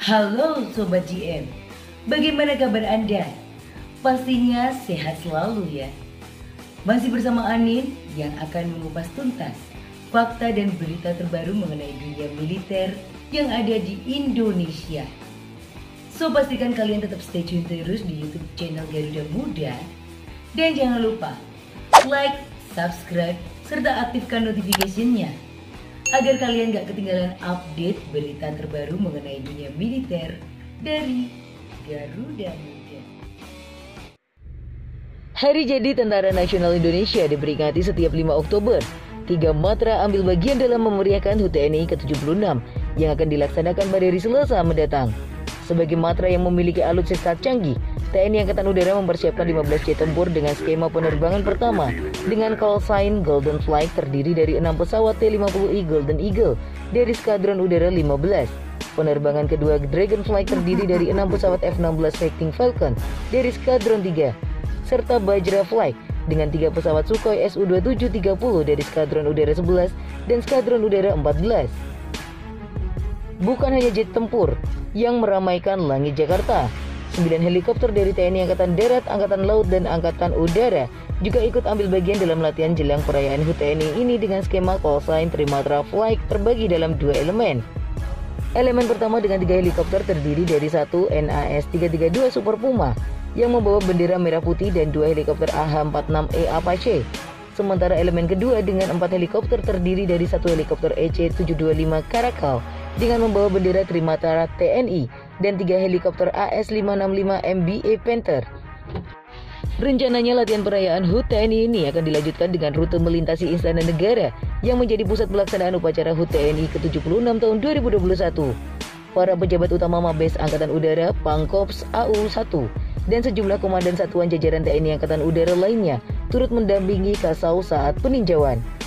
Halo Sobat GM, bagaimana kabar Anda? Pastinya sehat selalu ya. Masih bersama Anin yang akan mengupas tuntas fakta dan berita terbaru mengenai dunia militer yang ada di Indonesia. So pastikan kalian tetap stay tune terus di YouTube channel Garuda Muda dan jangan lupa like, subscribe, serta aktifkan notifikasinya agar kalian gak ketinggalan update berita terbaru mengenai dunia militer dari Garuda Muda. Hari jadi Tentara Nasional Indonesia diperingati setiap 5 Oktober. Tiga matra ambil bagian dalam memeriahkan HUT TNI ke-76 yang akan dilaksanakan pada hari Selasa mendatang. Sebagai matra yang memiliki alutsista canggih, TNI Angkatan Udara mempersiapkan 15 jet tempur dengan skema penerbangan pertama dengan call sign Golden Flight terdiri dari 6 pesawat T-50I e Golden Eagle dari Skadron Udara 15. Penerbangan kedua Dragonfly terdiri dari 6 pesawat F-16 Fighting Falcon dari Skadron 3 serta Bajra Flight dengan 3 pesawat Sukhoi Su-2730 dari Skadron Udara 11 dan Skadron Udara 14. Bukan hanya jet tempur yang meramaikan langit Jakarta, 9 helikopter dari TNI Angkatan Darat, Angkatan Laut, dan Angkatan Udara juga ikut ambil bagian dalam latihan jelang perayaan HUT TNI ini dengan skema call sign Trimatra Flight terbagi dalam dua elemen. Elemen pertama dengan tiga helikopter terdiri dari satu NAS 332 Super Puma yang membawa bendera merah putih dan dua helikopter AH-46E Apache. Sementara elemen kedua dengan empat helikopter terdiri dari satu helikopter EC-725 Caracal dengan membawa bendera Trimatara TNI dan tiga helikopter AS-565 MBA Panther. Rencananya latihan perayaan HUT TNI ini akan dilanjutkan dengan rute melintasi Istana Negara yang menjadi pusat pelaksanaan upacara HUT TNI ke-76 tahun 2021. Para pejabat utama Mabes Angkatan Udara, Pangkops AU-1, dan sejumlah komandan satuan jajaran TNI Angkatan Udara lainnya turut mendampingi Kasau saat peninjauan.